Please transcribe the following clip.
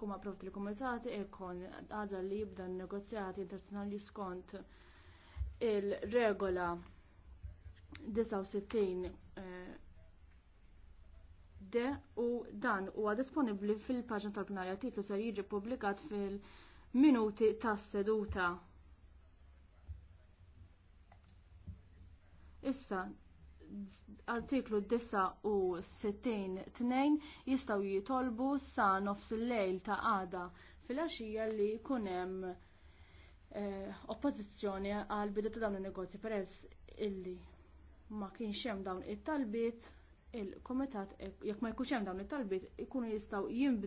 Kuma provt li komitat ikon għadha li jibda n negozjati internazzjonali skont il-regola 69 eh, de u dan huwa disponibbli fil-paġna tal-plenarja titlu ser jiġi publikat fil-minuti tas-seduta. Issa, artiklu 69-2 jistaw jitolbu sa nofs il-lejl ta' għada fil-axija li kunem eh, oppozizjoni għal bidu ta' dawn il-negozji peress illi ma kienx hemm dawn it-talbiet il-komitat jekk ma jkunx hemm dawn it-talbiet ikunu jistgħu jinbdu